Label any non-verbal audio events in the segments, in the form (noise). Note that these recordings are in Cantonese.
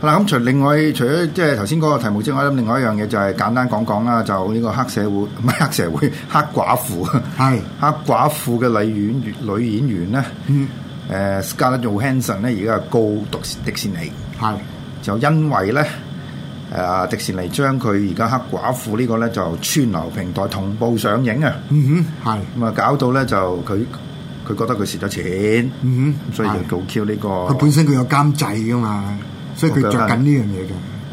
嗱咁除另外除咗即係頭先嗰個題目之外，我諗另外一樣嘢就係簡單講講啦。就呢個黑社會唔係黑社會，黑寡婦係的黑寡婦嘅女演員咧。嗯的。誒，Scarlett Johansson 咧，而家告讀迪士尼。係的。就因為咧，誒、呃，迪士尼將佢而家黑寡婦個呢個咧就串流平台同步上映啊。嗯哼的。係。咁啊，搞到咧就佢佢覺得佢蝕咗錢。嗯哼的。所以就告 Q 呢個。佢本身佢有監製噶嘛。所以佢著緊呢樣嘢嘅，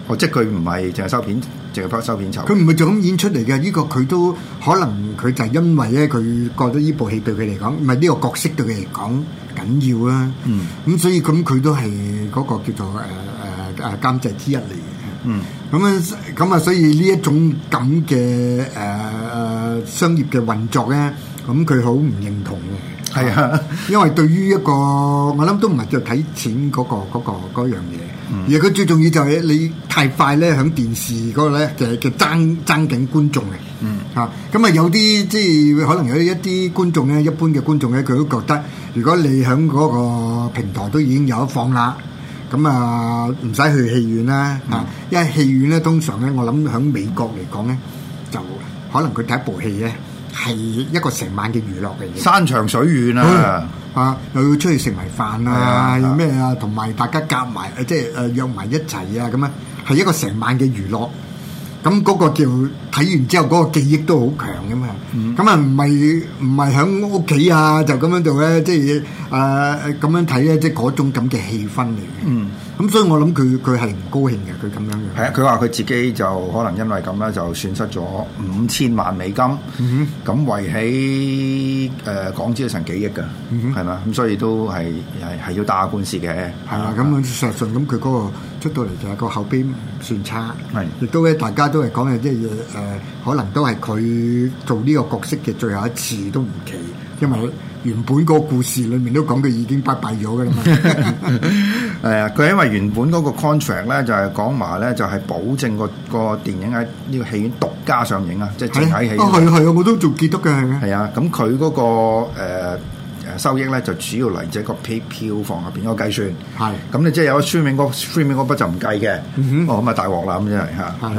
哦，即係佢唔係淨係收片，淨係收片酬。佢唔係做咁演出嚟嘅，呢、呢個佢都可能佢就係因為咧，佢覺得呢部戲對佢嚟講，唔係呢個角色對佢嚟講緊要啦、啊。嗯，咁、嗯、所以咁佢都係嗰個叫做誒誒誒監製之一嚟嘅、嗯啊。嗯，咁啊咁啊，所以呢一種咁嘅誒誒商業嘅運作咧，咁佢好唔認同。係啊， (laughs) 因為對於一個我諗都唔係著睇錢嗰、嗰個嗰、嗰個樣嘢。嗯、而佢最重要就係你太快咧，響電視嗰個咧就係叫爭爭緊觀眾嘅，嗯、啊，咁啊有啲即係可能有一啲觀眾咧，一般嘅觀眾咧，佢都覺得如果你響嗰個平台都已經有一放啦，咁啊唔使去戲院啦，啊、嗯，因為戲院咧通常咧，我諗響美國嚟講咧，就可能佢第一部戲咧。係一個成晚嘅娛樂嚟嘅，山長水遠啦，啊，嗯、啊又要出去食埋飯啊，咩啊？同埋，啊、大家夾埋，即係誒約埋一齊啊，咁啊係一個成晚嘅娛樂。咁，那，嗰個叫睇完之後，嗰，那個記憶都好強噶嘛。咁啊唔係唔係響屋企啊，就咁樣做咧，即係誒咁樣睇咧，即係嗰種咁嘅氣氛嚟嘅。嗯咁 (music) 所以我諗佢佢係唔高興嘅，佢咁樣嘅。係啊，佢話佢自己就可能因為咁咧，就損失咗五千萬美金。嗯哼，咁位喺誒、呃，港紙成幾億噶，係嘛、嗯哼，咁所以都係係係要打下官司嘅。係啊，咁事、啊嗯嗯、實上咁佢嗰個出到嚟就係個口碑唔算差，係是，亦都咧大家都係講嘅即係誒、呃，可能都係佢做呢個角色嘅最後一次都唔奇，因為原本個故事裏面都講佢已經拜拜咗噶啦嘛。 (laughs) (laughs) 誒，佢、呃、因為原本嗰個 contract 咧，就係、是、講話咧，就係、是、保證個個電影喺呢個戲院獨家上映啊，即係淨喺戲院。啊、那個，係、呃、啊，係我都仲記得嘅。係啊，咁佢嗰個誒收益咧，就主要嚟自個票票房入邊個計算。係的。咁你、嗯、即係有 streaming 嗰 streaming 嗰筆就唔計嘅。嗯哼。哦，大鑊啦咁即嚇。係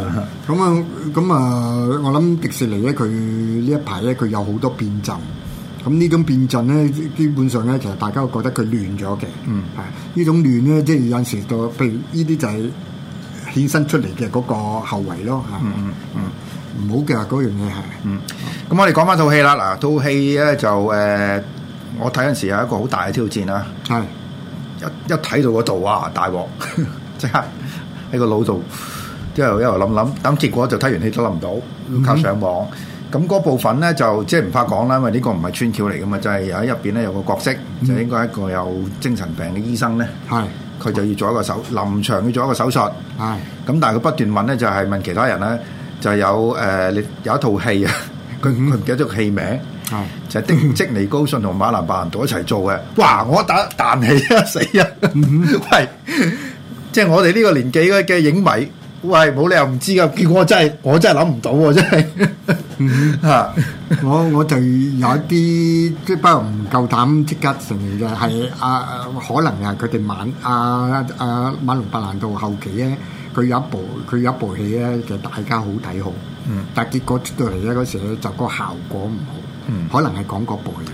咁啊咁啊，我諗迪士尼咧，佢呢一排咧，佢有好多變陣。咁呢種變陣咧，基本上咧，就大家都覺得佢亂咗嘅。嗯，係呢種亂咧，即係有時就譬如呢啲就係衍生出嚟嘅嗰個後遺咯。嗯嗯嗯，唔好嘅嗰樣嘢係。嗯，咁、那個嗯、我哋講翻套戲啦。嗱，套戲咧就誒，我睇陣時候有一個好大嘅挑戰啦。係的，一一睇到嗰度啊，大鑊，即 (laughs) 刻喺個腦度，之後一路諗諗，等結果就睇完戲都諗唔到，靠上網。嗯咁嗰部分咧就即係唔怕講啦，因為呢個唔係穿橋嚟噶嘛，就係喺入邊咧有個角色，就應該一個有精神病嘅醫生咧。係，佢就要做一個手臨場要做一個手術。係。咁但係佢不斷問咧，就係問其他人咧，就係有誒，你有一套戲啊，佢唔記得咗個戲名。係。就係丁積尼高遜同馬龍白蘭度一齊做嘅。哇！我打彈氣啊死人，係。即係我哋呢個年紀嘅嘅影迷。喂，冇理由唔知㗎，結果真係我真係諗唔到，真係嚇！嗯、 (laughs) 我我就有一啲即係，不過唔夠膽即刻承認嘅係阿可能係佢哋晚阿阿、啊啊、馬龍白蘭度後期咧，佢有一部佢有一部戲咧就大家好睇好，嗯，但結果出到嚟咧嗰時咧就個效果唔好，嗯、可能係講嗰部戲。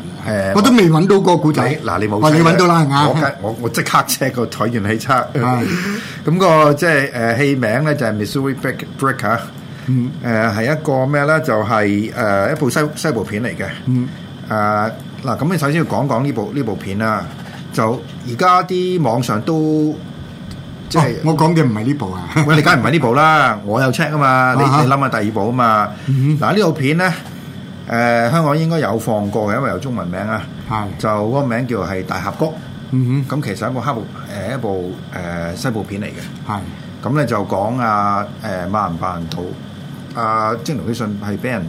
我都未揾到個古仔，嗱你冇睇。我你揾到啦，我我我即刻 check 個台源汽車。咁個即係誒戲名咧就係 Missouri Break Break 啊。誒係一個咩咧？就係誒一部西西部片嚟嘅。啊嗱，咁你首先要講講呢部呢部片啦。就而家啲網上都即係我講嘅唔係呢部啊。喂，你梗唔係呢部啦，我有 check 啊嘛。你你諗下第二部啊嘛。嗱呢部片咧。誒、呃、香港應該有放過嘅，因為有中文名啊，的就嗰個名叫係《大峽谷》嗯哼，咁其實一個黑部黑布一部誒、呃、西部片嚟嘅，咁咧的、嗯、就講啊誒馬人半島，阿蒸龍飛信係俾人誒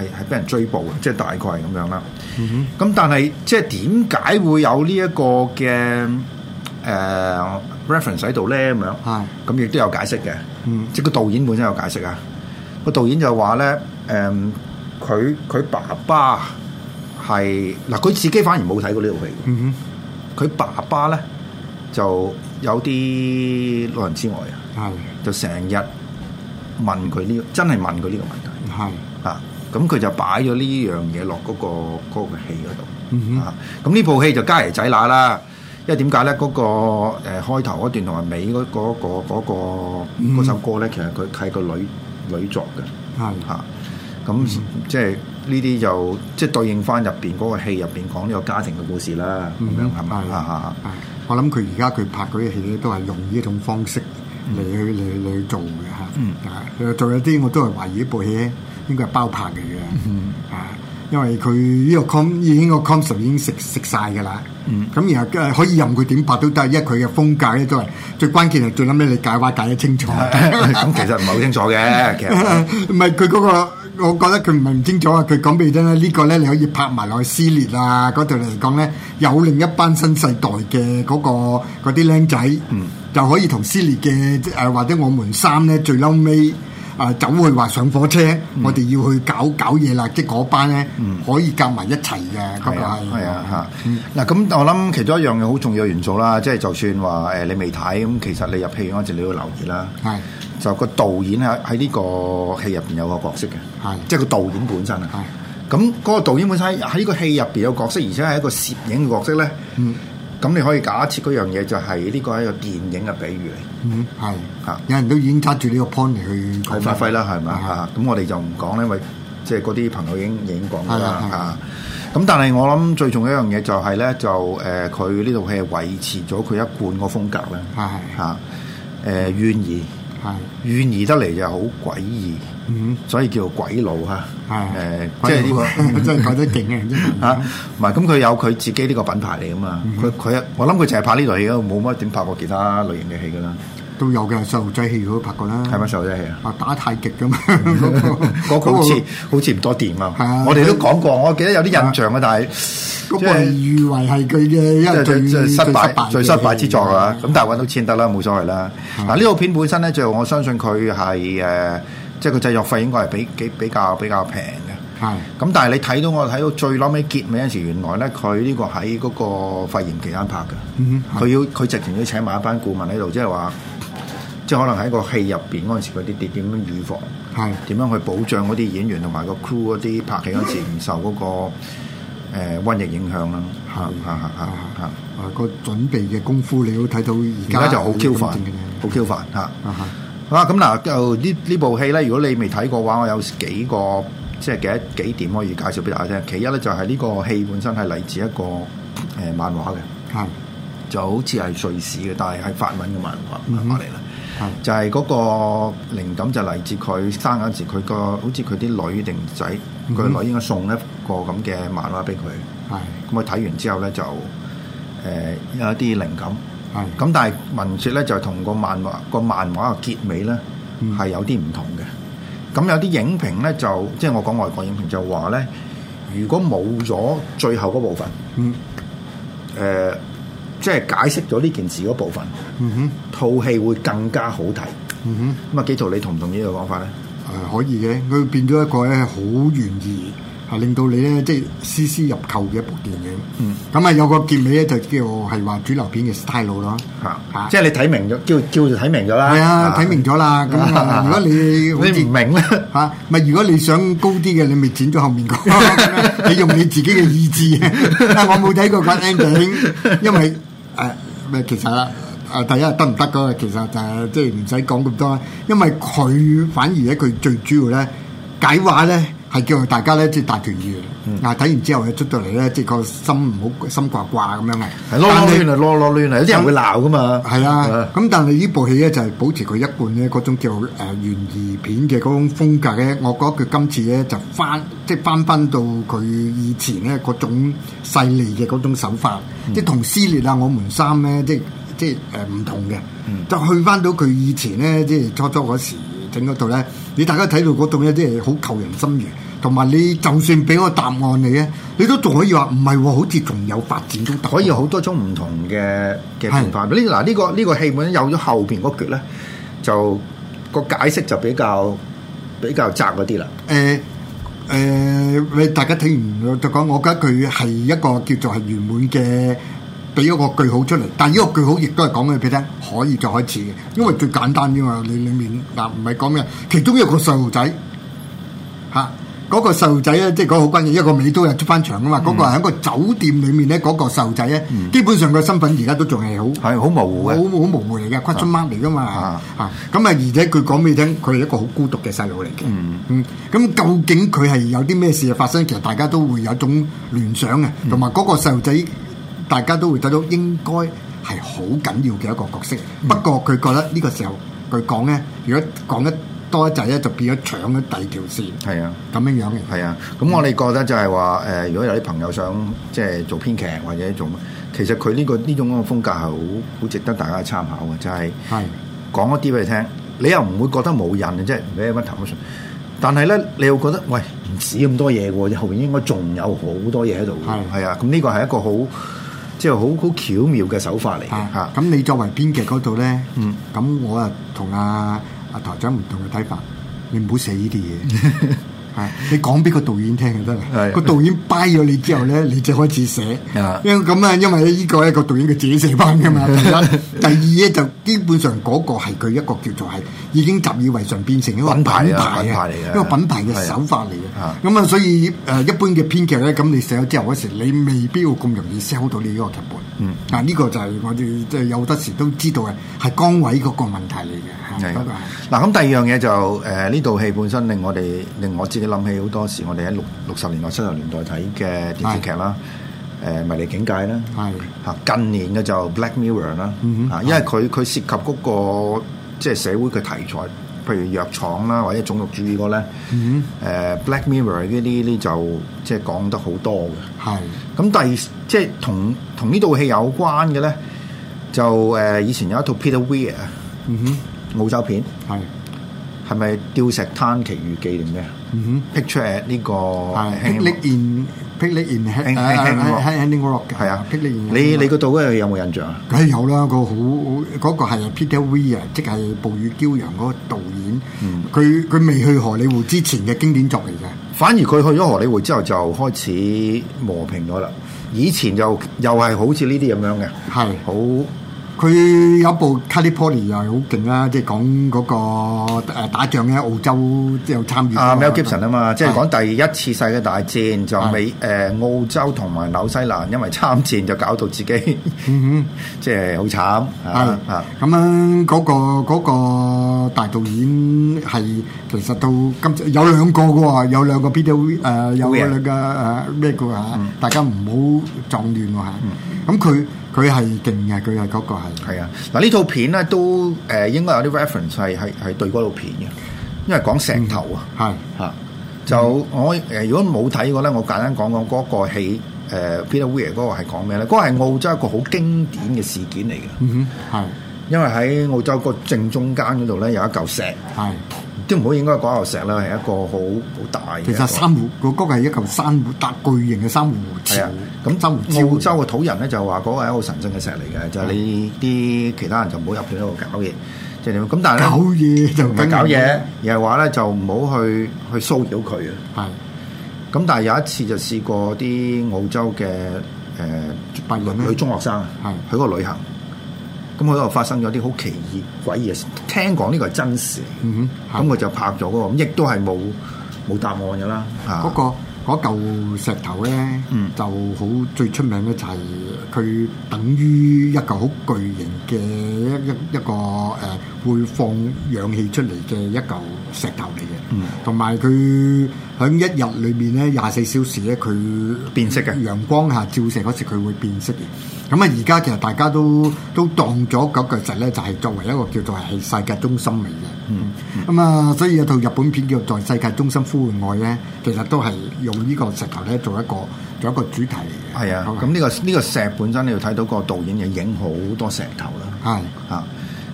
係係俾人追捕嘅，即係大概係咁樣啦。咁但係即係點解會有、呃、呢一個嘅誒 reference 喺度咧？咁樣，咁亦的、嗯、都有解釋嘅，即係個導演本身有解釋啊。個導演就話咧誒。嗯嗯佢佢爸爸係嗱，佢自己反而冇睇過呢套戲。佢、mm hmm. 爸爸咧就有啲老人痴呆，啊、mm，係、hmm. 就成日問佢呢、這個，真係問佢呢個問題。係、mm hmm. 啊，咁佢就擺咗呢樣嘢落嗰個嗰、那個戲嗰度。嗯，咁呢部戲就加嚟仔乸啦，因為點解咧？嗰、那個誒、呃、開頭嗰段同埋尾嗰、那個首歌咧，其實佢係個女女作嘅。係、mm hmm. 啊。咁、嗯、即係呢啲就即係對應翻入邊嗰個戲入邊講呢個家庭嘅故事啦，咁樣係咪啊？我諗佢而家佢拍嗰啲戲咧，都係用呢一種方式嚟去嚟去做嘅吓。啊，仲有啲我都係懷疑呢部戲應該係包拍嚟嘅啊，因為佢呢個已經個 concept 已經食食晒噶啦。嗯，咁、嗯、然後可以任佢點拍都得，一佢嘅風格咧都係最關鍵，最諗咩你解話解得清楚。咁其實唔係好清楚嘅，其實唔係佢嗰個。我覺得佢唔係唔清楚啊！佢講俾你聽咧，呢個咧你可以拍埋落去撕裂啊！嗰度嚟講咧，有另一班新世代嘅嗰、嗰個嗰啲僆仔，嗯，就可以同撕裂嘅誒或者我們三咧最後尾。啊，走去話上火車，嗯、我哋要去搞搞嘢啦！即嗰班咧、嗯、可以夾埋一齊嘅，咁又係。係啊，嚇！嗱、啊，咁、啊嗯、我諗其中一樣嘢好重要嘅元素啦，即、就、係、是、就算話誒你未睇，咁其實你入戲院嗰陣你要留意啦。係是就個導演喺喺呢個戲入邊有個角色嘅，係即係個導演本身啊。係咁是，嗰個導演本身喺呢個戲入邊有個角色，而且係一個攝影嘅角色咧。嗯。咁你可以假設嗰樣嘢就係呢個係一個電影嘅比喻嚟，嗯，係嚇，啊、有人都已經揸住呢個 point 去發揮啦，係咪啊？咁、嗯、我哋就唔講咧，因為即係嗰啲朋友已經已經講咗啦嚇。咁、啊、但係我諗最重要一樣嘢就係、是、咧，就誒佢呢度係維持咗佢一貫個風格咧，係嚇誒願意。係，懸疑得嚟就好詭異，嗯、哼所以叫做詭老哈。係，誒，即係呢、這個 (laughs) 真係拍得勁嘅，吓、 (laughs) 啊。唔係，咁佢有佢自己呢個品牌嚟噶嘛。佢佢、嗯哼，我諗佢淨係拍呢類戲咯，冇乜點拍過其他類型嘅戲噶啦。都有嘅，邵氏戲如果拍過啦。係咪邵氏戲啊？啊，打太極咁啊！嗰個好似好似唔多掂啊！我哋都講過，我記得有啲印象啊，但係嗰個被譽為係佢嘅一個最失敗、最失敗之作啊！咁但係揾到錢得啦，冇所謂啦。嗱，呢套片本身咧，就我相信佢係誒，即係個製作費應該係比幾比較比較平嘅。係。咁但係你睇到我睇到最尾結尾嗰陣時，原來咧佢呢個喺嗰個肺炎期間拍嘅。佢要佢直情要請埋一班顧問喺度，即係話。即係可能喺個戲入邊嗰陣時，嗰啲點點樣預防？點的樣去保障嗰啲演員同埋個 crew 嗰啲拍戲嗰陣時唔受嗰、嗰個、呃、瘟疫影響啦？嚇嚇嚇嚇嚇！啊，個準備嘅功夫，你都睇到而家就好 Q 煩，好 Q 煩嚇啊！咁，嗱，就呢呢部戲咧，如果你未睇過話，我有幾個即係幾幾點可以介紹俾大家聽。其一咧，就係、是、呢個戲本身係嚟自一個誒、呃呃、漫畫嘅，就好似係瑞士嘅，但係係法文嘅漫畫嚟啦。嗯嗯就係嗰個靈感就嚟自佢生嗰陣時，佢個好似佢啲女定仔，佢女應該送一個咁嘅漫畫俾佢。係咁佢睇完之後咧，就誒有一啲靈感。係咁，但係文説咧，就同個漫畫，個漫畫嘅結尾咧係有啲唔同嘅。咁有啲影評咧，就即係我講外國影評就話咧，如果冇咗最後嗰部分，誒。即係解釋咗呢件事嗰部分，套戲會更加好睇。咁啊，紀陶，你同唔同意呢個講法咧？誒，可以嘅，佢變咗一個咧，好懸疑，係令到你咧，即係絲絲入扣嘅一部電影。咁啊，有個結尾咧，就叫係話主流片嘅 style 咯。吓，即係你睇明咗，照照就睇明咗啦。係啊，睇明咗啦。咁啊，如果你你唔明咧吓，咪如果你想高啲嘅，你咪剪咗後面個。你用你自己嘅意志，但我冇睇過個 ending，因為。誒，咩？Uh, 其實啊，誒，第一得唔得噶？其實就係即係唔使講咁多啦，因為佢反而咧，佢最主要咧解話咧。係叫大家咧即係大團圓，啊睇、嗯、完之後佢出到嚟咧，即係個心唔好心掛掛咁樣嘅。攞攞亂嚟，攞攞亂嚟，有啲人會鬧噶嘛。係啊，咁是、啊嗯、但係呢部戲咧就係、是、保持佢一半咧嗰種叫誒懸疑片嘅嗰種風格咧，我覺得佢今次咧就翻即係翻翻到佢以前咧嗰種細膩嘅嗰種手法，即係同撕裂啊、我們三咧即即誒唔、呃、同嘅，就、嗯、去翻到佢以前咧即係初初嗰時。整嗰度咧，你大家睇到嗰度有啲係好扣人心嘅，同埋你就算俾個答案你咧，你都仲可以話唔係喎，好似仲有發展，可以好多種唔同嘅嘅變化。呢嗱呢個呢個戲本有咗後邊嗰橛咧，就個解釋就比較比較窄嗰啲啦。誒誒，你大家睇完就講，我覺得佢係一個叫做係圓滿嘅。俾一個句號出嚟，但係呢個句號亦都係講俾佢聽可以再開始嘅，因為最簡單啲嘛，你裏面嗱唔係講咩，其中一個細路仔嚇，嗰、啊那個細路仔咧即係講好關鍵，一個尾都又出翻場啊嘛，嗰、那個係喺個酒店裡面咧，嗰、那個細路仔咧，嗯、基本上個身份而家都仲係好係好模糊好好模糊嚟嘅，Question Mark 嚟噶嘛嚇，咁的啊，啊而且佢講俾你聽，佢係一個好孤獨嘅細路嚟嘅，嗯咁、嗯、究竟佢係有啲咩事發生？其實大家都會有一種聯想嘅，同埋嗰個細路仔。大家都會睇到應該係好緊要嘅一個角色，不過佢覺得呢個時候佢講咧，如果講得多一陣咧，就變咗搶咗第二條線。係啊，咁樣樣嘅。係啊，咁我哋覺得就係話誒，如果有啲朋友想即係做編劇或者做乜，其實佢呢個呢種嗰個風格係好好值得大家參考嘅，就係講一啲俾你聽，你又唔會覺得冇癮，即係唔俾乜頭，但係咧你又覺得喂唔止咁多嘢喎，後邊應該仲有好多嘢喺度嘅。係啊，咁呢個係一個好。即係好好巧妙嘅手法嚟嘅，咁、啊、你作為編劇嗰度咧，咁、嗯、我啊同阿阿台長唔同嘅睇法，你唔好寫呢啲嘢。 (laughs) 係、啊、你講俾個導演聽就得啦，個的導演 buy 咗你之後咧，你就開始寫。因咁啊，因為呢個咧個導演佢自己寫翻噶嘛。的 (laughs) 第二咧就基本上嗰個係佢一個叫做係已經習以為常，變成一個品牌啊，一個品牌嘅手法嚟嘅。咁的啊，所以誒、呃、一般嘅編劇咧，咁你寫咗之後嗰時，你未必會咁容易 sell 到你呢個嗯，嗱呢、啊呢個就係我哋即係有得時都知道嘅，係崗位嗰個問題嚟嘅。嗱咁第二樣嘢就誒呢、呃、部戲本身令我哋令我自己諗起好多時我，我哋喺六六十年代、七十年代睇嘅電視劇啦，誒的、呃、迷離境界啦，嚇的近年嘅就 Black Mirror 啦，嚇、嗯、哼因為佢佢的涉及嗰、嗰個即係社會嘅題材。譬如藥廠啦，或者種族主義嗰咧，誒、mm hmm. 呃《Black Mirror》呢啲咧就即係講得好多嘅。係的。咁第二，即係同同呢套戲有關嘅咧，就誒、呃、以前有一套 Peter Weir，、mm hmm. 澳洲片，係咪、mm《吊、hmm. 石灘奇遇記》定咩啊？哼、hmm.，Picture 呢、這個《l o Picnic at，喺喺喺 Hanging Rock 係啊，Picnic at。In，你你個導嗰個有冇印象啊？梗有啦，那個好嗰個係 Peter Weir 啊，即係《暴雨驕陽》嗰個導演。嗯。佢佢未去荷里活之前嘅經典作嚟嘅，反而佢去咗荷里活之後就開始磨平咗啦。以前就又係好似呢啲咁樣嘅，係好是。佢有部《Gallipoli》好勁啦，即係講嗰個打仗嘅澳洲即係參與。啊 Mel Gibson 啊嘛，即係講第一次世界大戰，就美誒澳洲同埋紐西蘭，因為參戰就搞到自己，即係好慘。啊，咁樣嗰個大導演係其實到今有兩個嘅喎，有兩個 BTV 誒、啊，有兩個誒咩嘅嚇，大家唔好撞亂喎，咁佢。啊佢係勁嘅，佢係嗰個係。係啊，嗱呢套片咧都誒應該有啲 reference 係係係對嗰套片嘅，因為講石頭啊，係嚇。就我誒如果冇睇過咧，我簡單講講嗰個戲誒 Peter Weir 嗰個係講咩咧？嗰係澳洲一個好經典嘅事件嚟嘅。嗯哼，係。因為喺澳洲個正中間嗰度咧有一嚿石係。即唔好應該講牛石啦，係一個好好大嘅。其實珊瑚，嗰個谷係一嚿珊瑚，搭巨型嘅珊瑚係啊，咁澳洲澳洲嘅土人咧就話嗰個係一個神聖嘅石嚟嘅，的就係你啲其他人就唔好入去嗰度搞嘢，即係點？咁但係咧，搞嘢就唔係搞嘢，而係話咧就唔好去去騷擾佢啊。係的。咁但係有一次就試過啲澳洲嘅誒畢業咩？呃、中學生啊，的去嗰個旅行。咁我都又發生咗啲好奇異、詭異嘅事。聽講呢個係真實，咁我、嗯、哼就拍咗嗰個咁亦都係冇冇答案㗎啦。嗰、嗰個嗰嚿石頭咧，嗯、就好最出名咧就係佢等於一嚿好巨型嘅一一一個誒、呃、會放氧氣出嚟嘅一嚿石頭嚟嘅，同埋佢喺一日裏面咧廿四小時咧佢變色嘅，陽光下照射嗰時佢會變色嘅。咁啊，而家其實大家都都當咗嗰個石咧，就係、是、作為一個叫做係世界中心嚟嘅、嗯。嗯，咁啊、嗯，所以有套日本片叫《在世界中心呼喚愛》咧，其實都係用呢個石頭咧做一個做一個主題嚟嘅。係啊，咁呢、嗯嗯呢個呢、呢個石本身你要睇到個導演又影好多石頭啦。係啊，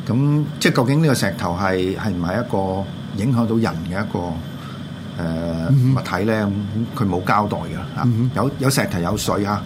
咁、嗯、即係究竟呢個石頭係係唔係一個影響到人嘅一個誒、呃嗯嗯、物體咧？佢冇交代㗎。啊，有有石頭有水啊！